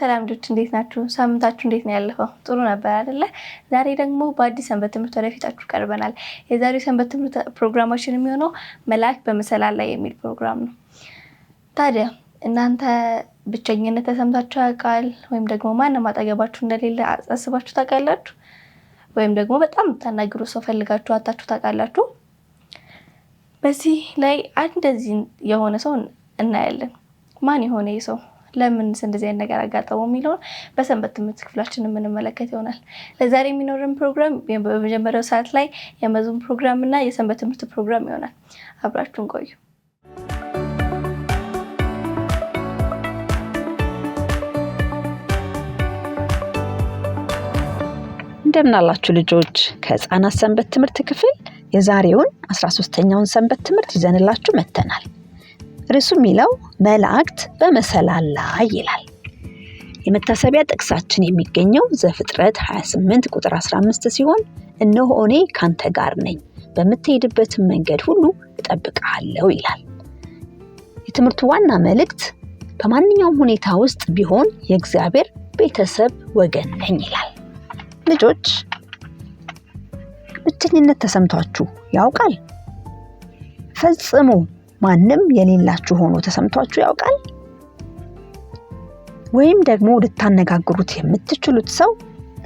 ሰላም ልጆች እንዴት ናችሁ? ሳምንታችሁ እንዴት ነው ያለፈው? ጥሩ ነበር አይደለ? ዛሬ ደግሞ በአዲስ ሰንበት ትምህርት ወደፊታችሁ ቀርበናል። የዛሬው ሰንበት ትምህርት ፕሮግራማችን የሚሆነው መልአክ በመሰላል ላይ የሚል ፕሮግራም ነው። ታዲያ እናንተ ብቸኝነት ተሰምታችሁ ያውቃል? ወይም ደግሞ ማንም አጠገባችሁ እንደሌለ አስባችሁ ታውቃላችሁ? ወይም ደግሞ በጣም ታናግሩ ሰው ፈልጋችሁ አታችሁ ታውቃላችሁ? በዚህ ላይ እንደዚህ የሆነ ሰው እናያለን። ማን የሆነ ሰው ለምን እንደዚህ አይነት ነገር አጋጠመው የሚለውን በሰንበት ትምህርት ክፍላችን የምንመለከት ይሆናል። ለዛሬ የሚኖርን ፕሮግራም በመጀመሪያው ሰዓት ላይ የመዝሙር ፕሮግራም እና የሰንበት ትምህርት ፕሮግራም ይሆናል። አብራችሁን ቆዩ። እንደምናላችሁ ልጆች ከህፃናት ሰንበት ትምህርት ክፍል የዛሬውን 13 ኛውን ሰንበት ትምህርት ይዘንላችሁ መጥተናል። ርዕሱ የሚለው መላእክት በመሰላል ላይ ይላል። የመታሰቢያ ጥቅሳችን የሚገኘው ዘፍጥረት 28 ቁጥር 15 ሲሆን እነሆ እኔ ካንተ ጋር ነኝ፣ በምትሄድበትም መንገድ ሁሉ እጠብቅሃለሁ ይላል። የትምህርቱ ዋና መልእክት በማንኛውም ሁኔታ ውስጥ ቢሆን የእግዚአብሔር ቤተሰብ ወገን ነኝ ይላል። ልጆች ብቸኝነት ተሰምቷችሁ ያውቃል? ፈጽሞ ማንም የሌላችሁ ሆኖ ተሰምቷችሁ ያውቃል? ወይም ደግሞ ልታነጋግሩት የምትችሉት ሰው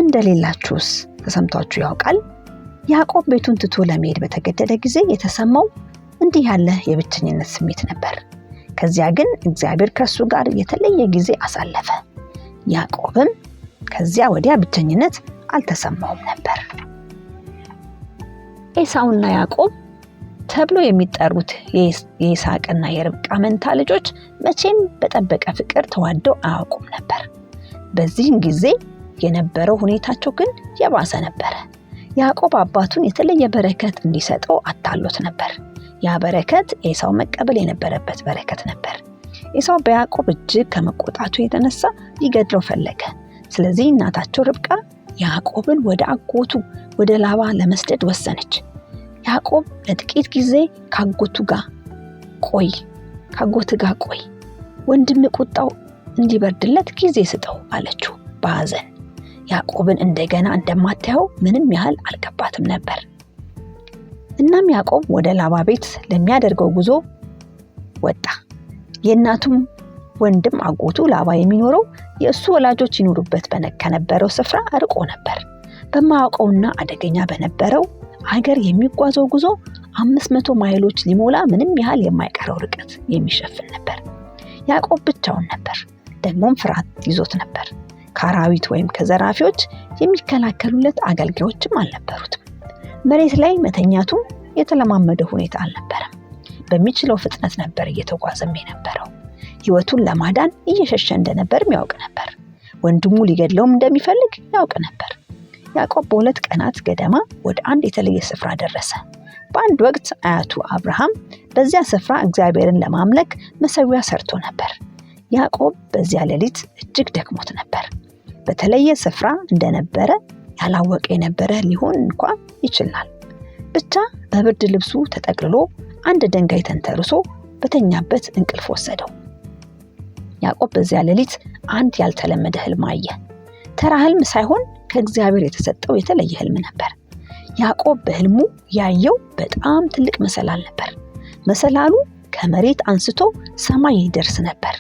እንደሌላችሁስ ተሰምቷችሁ ያውቃል? ያዕቆብ ቤቱን ትቶ ለመሄድ በተገደደ ጊዜ የተሰማው እንዲህ ያለ የብቸኝነት ስሜት ነበር። ከዚያ ግን እግዚአብሔር ከእሱ ጋር የተለየ ጊዜ አሳለፈ። ያዕቆብም ከዚያ ወዲያ ብቸኝነት አልተሰማውም ነበር። ኤሳውና ያዕቆብ ተብሎ የሚጠሩት የይስሐቅና የርብቃ መንታ ልጆች መቼም በጠበቀ ፍቅር ተዋደው አያውቁም ነበር። በዚህን ጊዜ የነበረው ሁኔታቸው ግን የባሰ ነበረ። ያዕቆብ አባቱን የተለየ በረከት እንዲሰጠው አታሎት ነበር። ያ በረከት ኤሳው መቀበል የነበረበት በረከት ነበር። ኤሳው በያዕቆብ እጅግ ከመቆጣቱ የተነሳ ሊገድለው ፈለገ። ስለዚህ እናታቸው ርብቃ ያዕቆብን ወደ አጎቱ ወደ ላባ ለመስደድ ወሰነች። ያዕቆብ ለጥቂት ጊዜ ካጎቱ ጋር ቆይ ካጎት ጋር ቆይ፣ ወንድም ቁጣው እንዲበርድለት ጊዜ ስጠው አለችው በሐዘን። ያዕቆብን እንደገና እንደማታየው ምንም ያህል አልገባትም ነበር። እናም ያዕቆብ ወደ ላባ ቤት ለሚያደርገው ጉዞ ወጣ። የእናቱም ወንድም አጎቱ ላባ የሚኖረው የእሱ ወላጆች ይኖሩበት ከነበረው ስፍራ አርቆ ነበር። በማያውቀውና አደገኛ በነበረው ሀገር የሚጓዘው ጉዞ አምስት መቶ ማይሎች ሊሞላ ምንም ያህል የማይቀረው ርቀት የሚሸፍን ነበር። ያዕቆብ ብቻውን ነበር፣ ደግሞም ፍርሃት ይዞት ነበር። ከአራዊት ወይም ከዘራፊዎች የሚከላከሉለት አገልጋዮችም አልነበሩትም። መሬት ላይ መተኛቱ የተለማመደ ሁኔታ አልነበረም። በሚችለው ፍጥነት ነበር እየተጓዘም የነበረው። ህይወቱን ለማዳን እየሸሸ እንደነበርም ያውቅ ነበር። ወንድሙ ሊገድለውም እንደሚፈልግ ያውቅ ነበር። ያዕቆብ በሁለት ቀናት ገደማ ወደ አንድ የተለየ ስፍራ ደረሰ። በአንድ ወቅት አያቱ አብርሃም በዚያ ስፍራ እግዚአብሔርን ለማምለክ መሰዊያ ሰርቶ ነበር። ያዕቆብ በዚያ ሌሊት እጅግ ደክሞት ነበር። በተለየ ስፍራ እንደነበረ ያላወቀ የነበረ ሊሆን እንኳ ይችላል። ብቻ በብርድ ልብሱ ተጠቅልሎ አንድ ድንጋይ ተንተርሶ በተኛበት እንቅልፍ ወሰደው። ያዕቆብ በዚያ ሌሊት አንድ ያልተለመደ ህልም አየ። ተራ ህልም ሳይሆን ከእግዚአብሔር የተሰጠው የተለየ ህልም ነበር። ያዕቆብ በህልሙ ያየው በጣም ትልቅ መሰላል ነበር። መሰላሉ ከመሬት አንስቶ ሰማይ ይደርስ ነበር።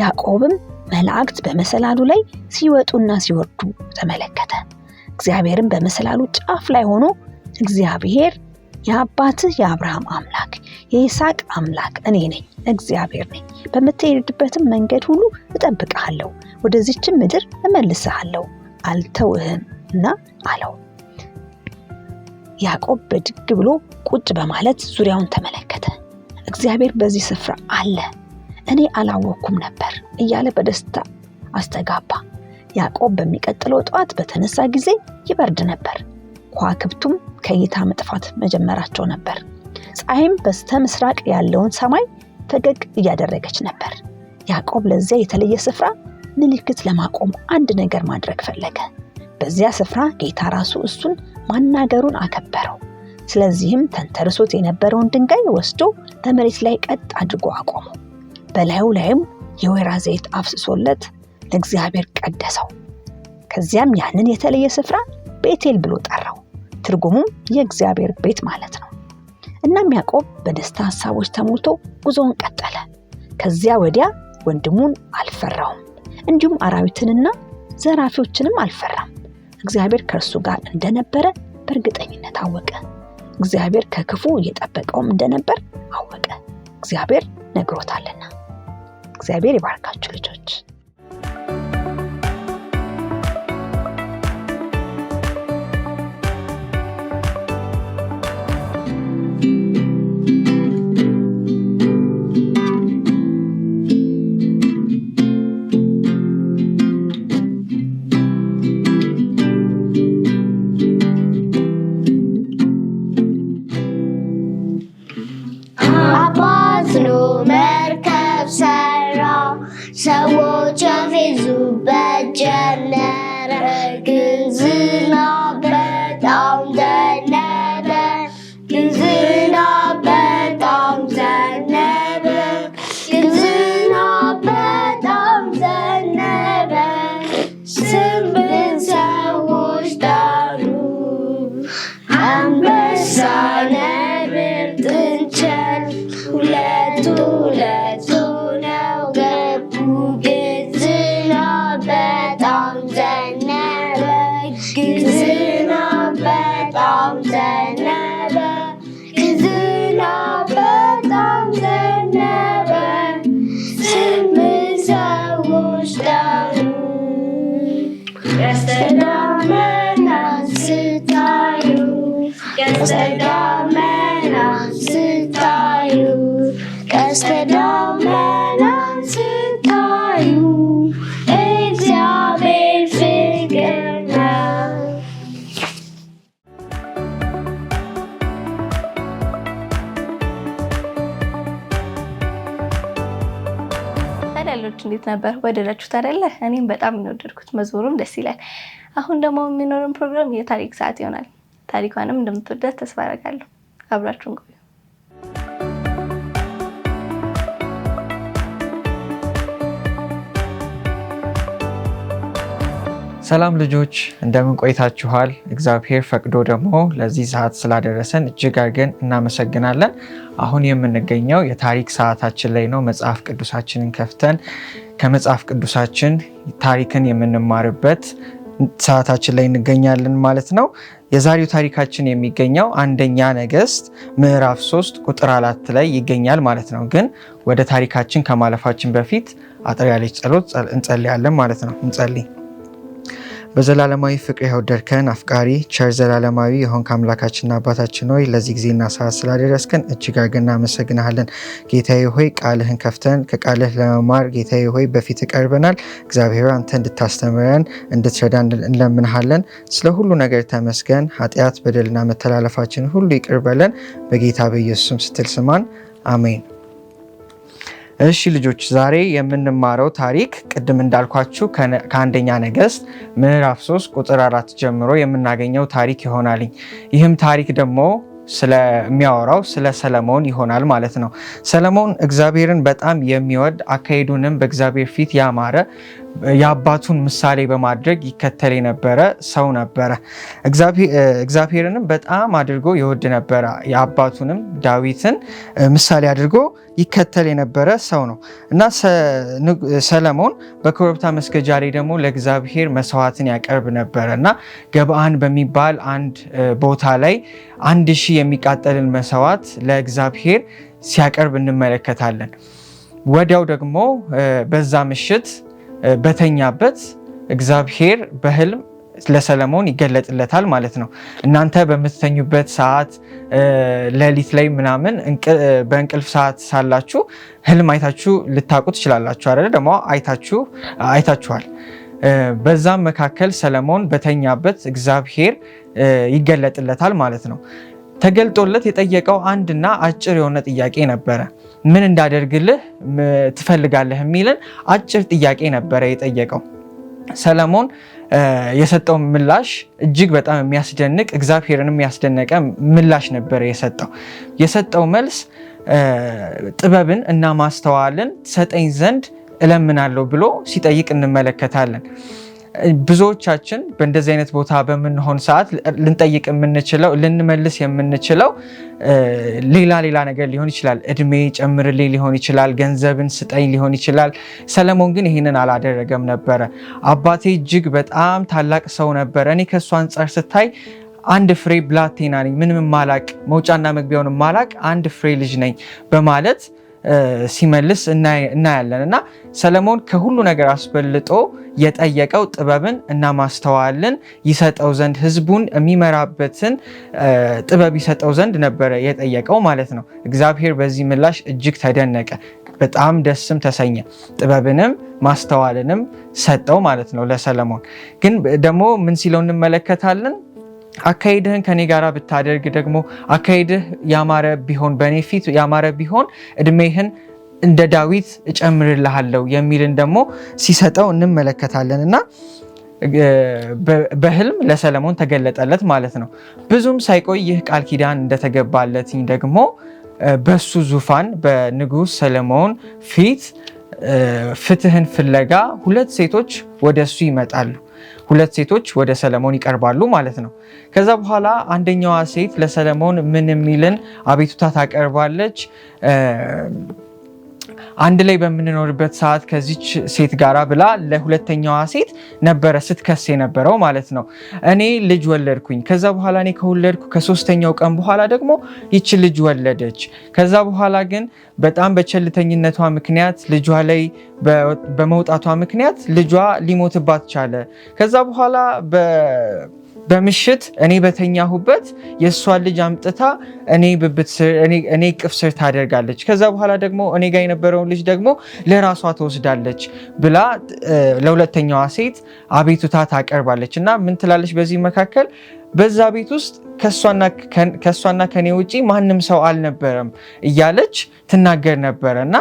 ያዕቆብም መላእክት በመሰላሉ ላይ ሲወጡና ሲወርዱ ተመለከተ። እግዚአብሔርም በመሰላሉ ጫፍ ላይ ሆኖ እግዚአብሔር የአባትህ የአብርሃም አምላክ የይስቅ አምላክ እኔ ነኝ እግዚአብሔር ነኝ። በምትሄድበትም መንገድ ሁሉ እጠብቀሃለሁ ወደዚችም ምድር እመልስሃለሁ አልተውህም እና አለው። ያዕቆብ በድግ ብሎ ቁጭ በማለት ዙሪያውን ተመለከተ። እግዚአብሔር በዚህ ስፍራ አለ፣ እኔ አላወቅኩም ነበር እያለ በደስታ አስተጋባ። ያዕቆብ በሚቀጥለው ጠዋት በተነሳ ጊዜ ይበርድ ነበር። ከዋክብቱም ከእይታ መጥፋት መጀመራቸው ነበር። ፀሐይም በስተ ምስራቅ ያለውን ሰማይ ፈገግ እያደረገች ነበር። ያዕቆብ ለዚያ የተለየ ስፍራ ምልክት ለማቆም አንድ ነገር ማድረግ ፈለገ። በዚያ ስፍራ ጌታ ራሱ እሱን ማናገሩን አከበረው። ስለዚህም ተንተርሶት የነበረውን ድንጋይ ወስዶ በመሬት ላይ ቀጥ አድርጎ አቆመው። በላዩ ላይም የወይራ ዘይት አፍስሶለት ለእግዚአብሔር ቀደሰው። ከዚያም ያንን የተለየ ስፍራ ቤቴል ብሎ ጠራው። ትርጉሙም የእግዚአብሔር ቤት ማለት ነው። እናም ያዕቆብ በደስታ ሀሳቦች ተሞልቶ ጉዞውን ቀጠለ። ከዚያ ወዲያ ወንድሙን አልፈራውም። እንዲሁም አራዊትንና ዘራፊዎችንም አልፈራም። እግዚአብሔር ከእርሱ ጋር እንደነበረ በእርግጠኝነት አወቀ። እግዚአብሔር ከክፉ እየጠበቀውም እንደነበር አወቀ። እግዚአብሔር ነግሮታልና። እግዚአብሔር ይባርካችሁ ልጆች። Gazete, Gazete, Gazete, Gazete, Gazete, እንዴት ነበር? ወደዳችሁት አይደለ? እኔም በጣም እንወደድኩት፣ መዝሙሩም ደስ ይላል። አሁን ደግሞ የሚኖርን ፕሮግራም የታሪክ ሰዓት ይሆናል። ታሪኳንም እንደምትወደት ተስፋ አደርጋለሁ። አብራችሁን ቆዩ። ሰላም ልጆች እንደምን ቆይታችኋል? እግዚአብሔር ፈቅዶ ደግሞ ለዚህ ሰዓት ስላደረሰን እጅግ አድርገን እናመሰግናለን። አሁን የምንገኘው የታሪክ ሰዓታችን ላይ ነው። መጽሐፍ ቅዱሳችንን ከፍተን ከመጽሐፍ ቅዱሳችን ታሪክን የምንማርበት ሰዓታችን ላይ እንገኛለን ማለት ነው። የዛሬው ታሪካችን የሚገኘው አንደኛ ነገስት ምዕራፍ 3 ቁጥር አራት ላይ ይገኛል ማለት ነው። ግን ወደ ታሪካችን ከማለፋችን በፊት አጠር ያለች ጸሎት እንጸልያለን ማለት ነው። እንጸልይ በዘላለማዊ ፍቅር የወደድከን አፍቃሪ ቸር ዘላለማዊ የሆንክ አምላካችንና አባታችን ሆይ ለዚህ ጊዜና ሰዓት ስላደረስከን እጅግ አድርገን እናመሰግናሃለን። ጌታዬ ሆይ ቃልህን ከፍተን ከቃልህ ለመማር ጌታዬ ሆይ በፊት ቀርበናል። እግዚአብሔር አንተ እንድታስተምረን እንድትረዳን እንለምንሃለን። ስለ ሁሉ ነገር ተመስገን። ኃጢአት በደልና መተላለፋችን ሁሉ ይቅር በለን በጌታ በኢየሱስም ስትል ስማን። አሜን። እሺ ልጆች ዛሬ የምንማረው ታሪክ ቅድም እንዳልኳችሁ ከአንደኛ ነገስት ምዕራፍ 3 ቁጥር አራት ጀምሮ የምናገኘው ታሪክ ይሆናልኝ። ይህም ታሪክ ደግሞ ስለሚያወራው ስለ ሰለሞን ይሆናል ማለት ነው። ሰለሞን እግዚአብሔርን በጣም የሚወድ አካሄዱንም በእግዚአብሔር ፊት ያማረ የአባቱን ምሳሌ በማድረግ ይከተል የነበረ ሰው ነበረ። እግዚአብሔርንም በጣም አድርጎ ይወድ ነበረ። የአባቱንም ዳዊትን ምሳሌ አድርጎ ይከተል የነበረ ሰው ነው እና ሰለሞን በኮረብታ መስገጃ ላይ ደግሞ ለእግዚአብሔር መስዋዕትን ያቀርብ ነበረ እና ገበአን በሚባል አንድ ቦታ ላይ አንድ ሺህ የሚቃጠልን መስዋዕት ለእግዚአብሔር ሲያቀርብ እንመለከታለን። ወዲያው ደግሞ በዛ ምሽት በተኛበት እግዚአብሔር በህልም ለሰለሞን ይገለጥለታል ማለት ነው። እናንተ በምትተኙበት ሰዓት ሌሊት ላይ ምናምን በእንቅልፍ ሰዓት ሳላችሁ ህልም አይታችሁ ልታውቁ ትችላላችሁ አይደለ? ደግሞ አይታችኋል። በዛም መካከል ሰለሞን በተኛበት እግዚአብሔር ይገለጥለታል ማለት ነው። ተገልጦለት የጠየቀው አንድና አጭር የሆነ ጥያቄ ነበረ። ምን እንዳደርግልህ ትፈልጋለህ የሚልን አጭር ጥያቄ ነበረ የጠየቀው። ሰለሞን የሰጠው ምላሽ እጅግ በጣም የሚያስደንቅ እግዚአብሔርን የሚያስደነቀ ምላሽ ነበረ የሰጠው። የሰጠው መልስ ጥበብን እና ማስተዋልን ሰጠኝ ዘንድ እለምናለሁ ብሎ ሲጠይቅ እንመለከታለን። ብዙዎቻችን በእንደዚህ አይነት ቦታ በምንሆን ሰዓት ልንጠይቅ የምንችለው ልንመልስ የምንችለው ሌላ ሌላ ነገር ሊሆን ይችላል። እድሜ ጨምርልኝ ሊሆን ይችላል። ገንዘብን ስጠኝ ሊሆን ይችላል። ሰለሞን ግን ይህንን አላደረገም ነበረ። አባቴ እጅግ በጣም ታላቅ ሰው ነበረ። እኔ ከእሱ አንጻር ስታይ አንድ ፍሬ ብላቴና ነኝ፣ ምንም ማላቅ፣ መውጫና መግቢያውን ማላቅ አንድ ፍሬ ልጅ ነኝ በማለት ሲመልስ እናያለን እና ሰለሞን ከሁሉ ነገር አስበልጦ የጠየቀው ጥበብን እና ማስተዋልን ይሰጠው ዘንድ ህዝቡን የሚመራበትን ጥበብ ይሰጠው ዘንድ ነበረ የጠየቀው ማለት ነው። እግዚአብሔር በዚህ ምላሽ እጅግ ተደነቀ፣ በጣም ደስም ተሰኘ። ጥበብንም ማስተዋልንም ሰጠው ማለት ነው ለሰለሞን። ግን ደግሞ ምን ሲለው እንመለከታለን አካሄድህን ከኔ ጋር ብታደርግ ደግሞ አካሄድህ ያማረ ቢሆን በእኔ ፊት ያማረ ቢሆን እድሜህን እንደ ዳዊት እጨምርልሃለሁ የሚልን ደግሞ ሲሰጠው እንመለከታለን እና በህልም ለሰለሞን ተገለጠለት ማለት ነው። ብዙም ሳይቆይ ይህ ቃል ኪዳን እንደተገባለት ደግሞ በሱ ዙፋን በንጉስ ሰለሞን ፊት ፍትህን ፍለጋ ሁለት ሴቶች ወደሱ ይመጣሉ። ሁለት ሴቶች ወደ ሰለሞን ይቀርባሉ ማለት ነው። ከዛ በኋላ አንደኛዋ ሴት ለሰለሞን ምን የሚልን አቤቱታ ታቀርባለች? አንድ ላይ በምንኖርበት ሰዓት ከዚች ሴት ጋር ብላ ለሁለተኛዋ ሴት ነበረ ስትከስ የነበረው ማለት ነው። እኔ ልጅ ወለድኩኝ። ከዛ በኋላ እኔ ከወለድኩ ከሶስተኛው ቀን በኋላ ደግሞ ይች ልጅ ወለደች። ከዛ በኋላ ግን በጣም በቸልተኝነቷ ምክንያት ልጇ ላይ በመውጣቷ ምክንያት ልጇ ሊሞትባት ቻለ። ከዛ በኋላ በምሽት እኔ በተኛሁበት የእሷን ልጅ አምጥታ እኔ ቅፍ ስር ታደርጋለች። ከዛ በኋላ ደግሞ እኔ ጋር የነበረውን ልጅ ደግሞ ለራሷ ትወስዳለች ብላ ለሁለተኛዋ ሴት አቤቱታ ታቀርባለች እና ምን ትላለች በዚህ መካከል በዛ ቤት ውስጥ ከእሷና ከኔ ውጪ ማንም ሰው አልነበረም እያለች ትናገር ነበረ እና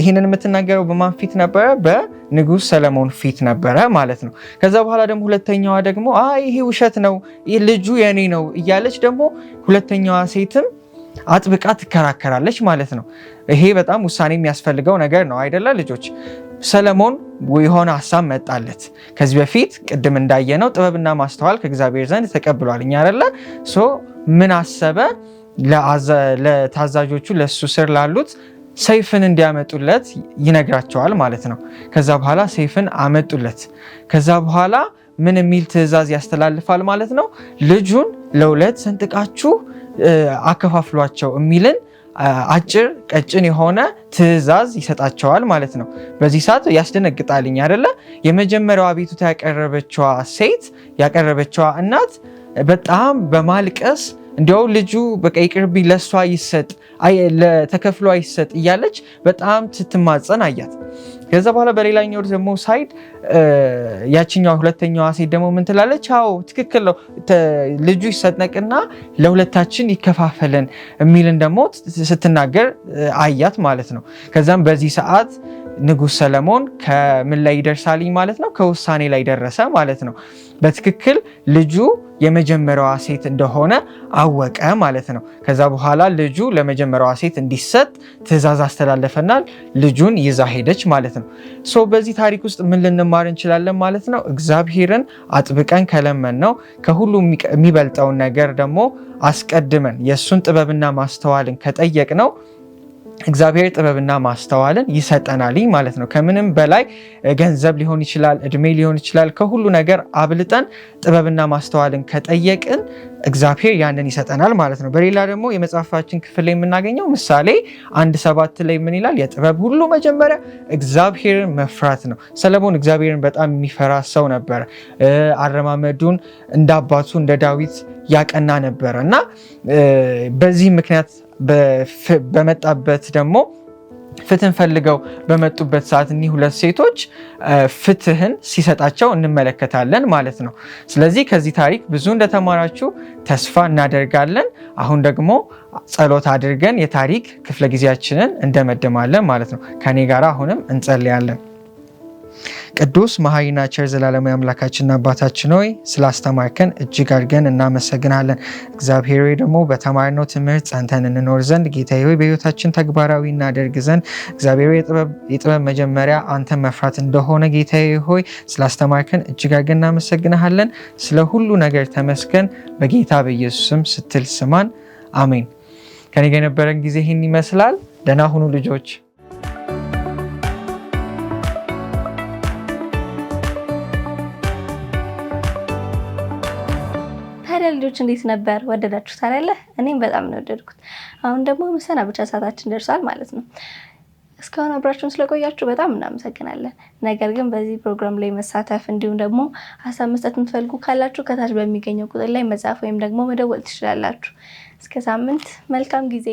ይህንን የምትናገረው በማን ፊት ነበረ? በንጉሥ ሰለሞን ፊት ነበረ ማለት ነው። ከዛ በኋላ ደግሞ ሁለተኛዋ ደግሞ ይሄ ውሸት ነው፣ ልጁ የኔ ነው እያለች ደግሞ ሁለተኛዋ ሴትም አጥብቃ ትከራከራለች ማለት ነው። ይሄ በጣም ውሳኔ የሚያስፈልገው ነገር ነው አይደለ ልጆች? ሰለሞን የሆነ ሀሳብ መጣለት። ከዚህ በፊት ቅድም እንዳየነው ጥበብና ማስተዋል ከእግዚአብሔር ዘንድ ተቀብሏል። እኛ አደለ ምን አሰበ? ለታዛዦቹ ለእሱ ስር ላሉት ሰይፍን እንዲያመጡለት ይነግራቸዋል ማለት ነው። ከዛ በኋላ ሰይፍን አመጡለት። ከዛ በኋላ ምን የሚል ትእዛዝ ያስተላልፋል ማለት ነው? ልጁን ለሁለት ሰንጥቃችሁ አከፋፍሏቸው የሚልን አጭር ቀጭን የሆነ ትዕዛዝ ይሰጣቸዋል ማለት ነው። በዚህ ሰዓት ያስደነግጣልኝ አደለ? የመጀመሪያዋ ቤቱታ ያቀረበችዋ ሴት ያቀረበችዋ እናት በጣም በማልቀስ እንዲያው ልጁ በቃ ይቅርብኝ፣ ለእሷ ይሰጥ፣ ለተከፍሎ አይሰጥ እያለች በጣም ስትማፀን አያት። ከዛ በኋላ በሌላኛው ደግሞ ሳይድ ያችኛዋ ሁለተኛዋ ሴት ደግሞ ምን ትላለች? አዎ ትክክል ነው ልጁ ይሰጠቅና ለሁለታችን ይከፋፈለን የሚልን ደግሞ ስትናገር አያት ማለት ነው። ከዛም በዚህ ሰዓት ንጉስ ሰለሞን ከምን ላይ ይደርሳልኝ ማለት ነው? ከውሳኔ ላይ ደረሰ ማለት ነው። በትክክል ልጁ የመጀመሪያዋ ሴት እንደሆነ አወቀ ማለት ነው። ከዛ በኋላ ልጁ ለመጀመሪያዋ ሴት እንዲሰጥ ትዕዛዝ አስተላለፈናል ልጁን ይዛ ሄደች ማለት ነው። ሶ በዚህ ታሪክ ውስጥ ምን ልንማር እንችላለን ማለት ነው? እግዚአብሔርን አጥብቀን ከለመን ነው ከሁሉ የሚበልጠውን ነገር ደግሞ አስቀድመን የእሱን ጥበብና ማስተዋልን ከጠየቅ ነው እግዚአብሔር ጥበብና ማስተዋልን ይሰጠናል ማለት ነው። ከምንም በላይ ገንዘብ ሊሆን ይችላል፣ እድሜ ሊሆን ይችላል። ከሁሉ ነገር አብልጠን ጥበብና ማስተዋልን ከጠየቅን እግዚአብሔር ያንን ይሰጠናል ማለት ነው። በሌላ ደግሞ የመጽሐፋችን ክፍል ላይ የምናገኘው ምሳሌ አንድ ሰባት ላይ ምን ይላል? የጥበብ ሁሉ መጀመሪያ እግዚአብሔርን መፍራት ነው። ሰለሞን እግዚአብሔርን በጣም የሚፈራ ሰው ነበረ። አረማመዱን እንደ አባቱ እንደ ዳዊት ያቀና ነበረ እና በዚህ ምክንያት በመጣበት ደግሞ ፍትህን ፈልገው በመጡበት ሰዓት እኒህ ሁለት ሴቶች ፍትህን ሲሰጣቸው እንመለከታለን ማለት ነው። ስለዚህ ከዚህ ታሪክ ብዙ እንደተማራችሁ ተስፋ እናደርጋለን። አሁን ደግሞ ጸሎት አድርገን የታሪክ ክፍለ ጊዜያችንን እንደመድማለን ማለት ነው። ከኔ ጋር አሁንም እንጸልያለን። ቅዱስ መሐሪና ቸር ዘላለማዊ አምላካችንና አባታችን ሆይ ስላስተማርከን እጅግ አድርገን እናመሰግናለን። እግዚአብሔር ሆይ ደግሞ በተማርነው ትምህርት ጸንተን እንኖር ዘንድ ጌታ ሆይ በሕይወታችን ተግባራዊ እናደርግ ዘንድ እግዚአብሔር የጥበብ መጀመሪያ አንተ መፍራት እንደሆነ ጌታ ሆይ ስላስተማርከን እጅግ አድርገን እናመሰግናለን። ስለ ሁሉ ነገር ተመስገን። በጌታ በኢየሱስም ስትል ስማን። አሜን። ከኔ ጋር የነበረን ጊዜ ይህን ይመስላል። ደህና ሁኑ ልጆች። ታዲያ ልጆች እንዴት ነበር? ወደዳችሁ አይደለ? እኔም በጣም ነው ወደድኩት። አሁን ደግሞ መሰናበቻ ሰዓታችን ደርሷል ማለት ነው። እስካሁን አብራችሁን ስለቆያችሁ በጣም እናመሰግናለን። ነገር ግን በዚህ ፕሮግራም ላይ መሳተፍ እንዲሁም ደግሞ ሀሳብ መስጠት የምትፈልጉ ካላችሁ ከታች በሚገኘው ቁጥር ላይ መጻፍ ወይም ደግሞ መደወል ትችላላችሁ። እስከ ሳምንት መልካም ጊዜ